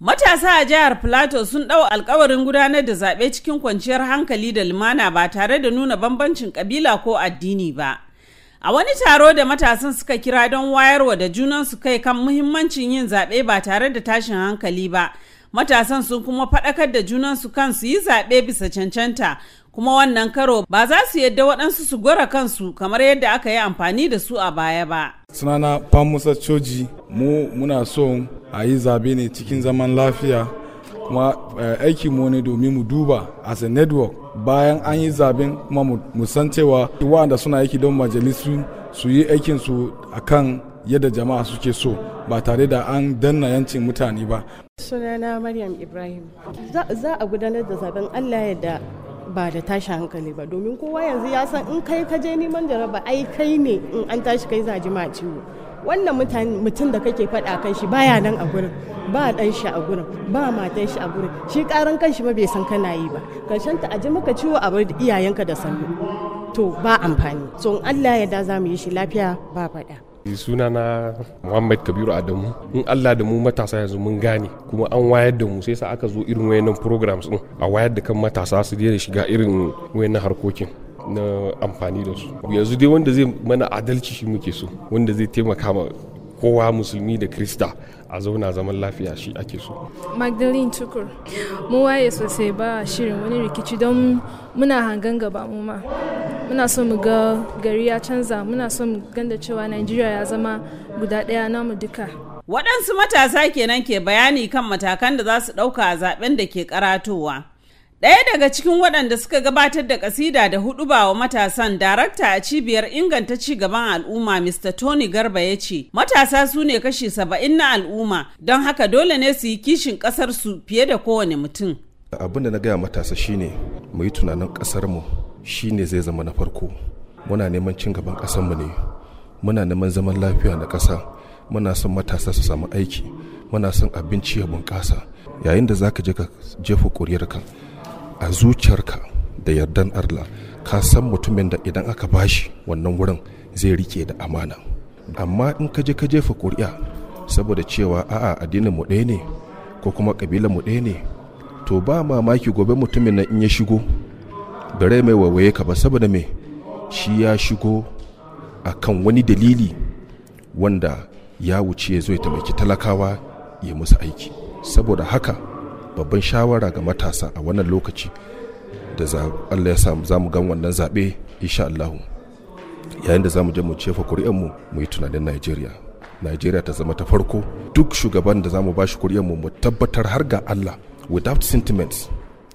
Matasa a jihar Plateau sun ɗau alkawarin gudanar da zaɓe cikin kwanciyar hankali da lumana ba tare da nuna bambancin ƙabila ko addini ba. A wani taro da matasan suka kira don wayarwa da junansu kai kan muhimmancin yin zaɓe ba tare da tashin hankali ba. Matasan sun kuma faɗakar da junansu kan su yi zaɓe bisa cancanta, kuma wannan karo ba za su yadda waɗansu su gwara kansu kamar yadda aka yi amfani da su a baya ba. Sunana Pamusa Choji, mu muna so a yi zabe ne cikin zaman lafiya kuma eh, aiki mu ne domin mu duba as a network bayan an yi zaben kuma mu san cewa waɗanda suna aiki don majalisu su yi aikinsu a kan yadda jama'a suke so ba tare da an danna yancin mutane ba sunana maryam ibrahim za a gudanar da zaben allah da ba da tashi hankali ba domin kowa yanzu ya san in kai ka je neman jaraba ai kai ne in an tashi kai za a ji ma ciwo wannan mutum da kake faɗa kan shi baya nan a gurin ba ɗan shi a gurin ba matan shi a gurin shi ƙaran kan shi ba bai san kana yi ba karshen ta aji muka ciwo a bar iyayenka da sannu to ba amfani so in Allah ya da za yi shi lafiya ba faɗa suna na muhammad kabiru adamu in allah da mu matasa yanzu mun gane kuma an wayar da mu sai sa aka zo irin wayannan programs din a wayar da kan matasa su daina shiga irin wayannan harkokin na amfani da su yanzu dai wanda zai mana adalci shi muke so wanda zai taimaka ma kowa musulmi da krista a zauna zaman lafiya shi ake so magdalene tukur mu waye sosai ba shirin wani rikici don muna hangen gaba mu ma muna so mu ga gari ya canza muna so mu ganda cewa nigeria ya zama guda daya na mu duka waɗansu matasa kenan ke bayani kan matakan da za su ɗauka a zaben da ke karatowa Ɗaya daga cikin waɗanda suka gabatar da ƙasida da ba wa matasan darakta a cibiyar inganta ci gaban al'umma Mr. Tony Garba ya ce, matasa su ne kashi saba'in na al'umma don haka dole ne su yi kishin ƙasar su fiye da kowane mutum. Abin da na gaya matasa shine mu yi tunanin ƙasar mu shine zai zama na farko. Muna neman cin gaban ƙasar ne. Muna neman zaman lafiya na ƙasa. Muna son matasa su samu aiki. Muna son abinci ya bunƙasa. Yayin da zaka je ka jefa ƙuriyarka a zuciyarka da yardan Allah ka san mutumin da idan aka bashi wannan wurin zai rike da amana amma in ka je ka jefa ƙuri'a saboda cewa a'a addinin mu ɗaya ne ko kuma ƙabilar mu ɗaya ne to ba mamaki gobe mutumin na in ya shigo bare mai wawaye ka ba saboda me shi ya shigo a kan wani dalili wanda ya wuce ya zo ya taimaki talakawa ya musu aiki saboda haka babban shawara ga matasa a wannan lokaci da Allah ya samu za mu gan wannan zaɓe insha Allah yayin da za mu je mu cefa ƙuri'anmu mu yi tunanin Najeriya Najeriya ta zama ta farko duk shugaban da za mu bashi ƙuri'anmu mu mu tabbatar har ga Allah without sentiments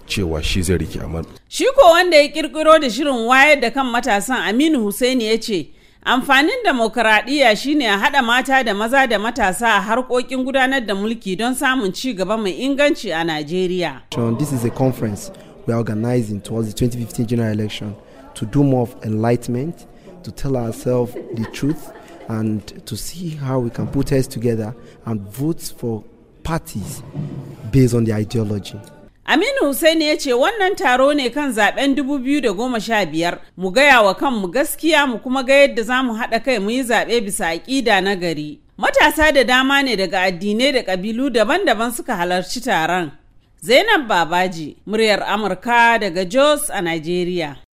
cewa shi zai rike amana. Shi ko wanda ya kirkiro da shirin wayar da kan matasan Aminu Hussaini ya ce Amfanin demokaradiyya shine a haɗa mata da maza da matasa a harkokin gudanar da mulki don samun ci gaba mai inganci a Najeriya. This is a conference we are organizing towards the 2015 general election to do more of enlightenment, to tell ourselves the truth, and to see how we can put heads together and vote for parties based on the ideology. Aminu Hussein ya ce wannan taro ne kan zaben 2015 mu gaya wa kanmu gaskiya mu kuma ga yadda za mu haɗa kai mu yi zaɓe bisa aƙida na gari. Matasa da dama ne daga addinai da ƙabilu daban-daban suka halarci taron. Zainab Babaji, muryar Amurka daga Jos a Najeriya.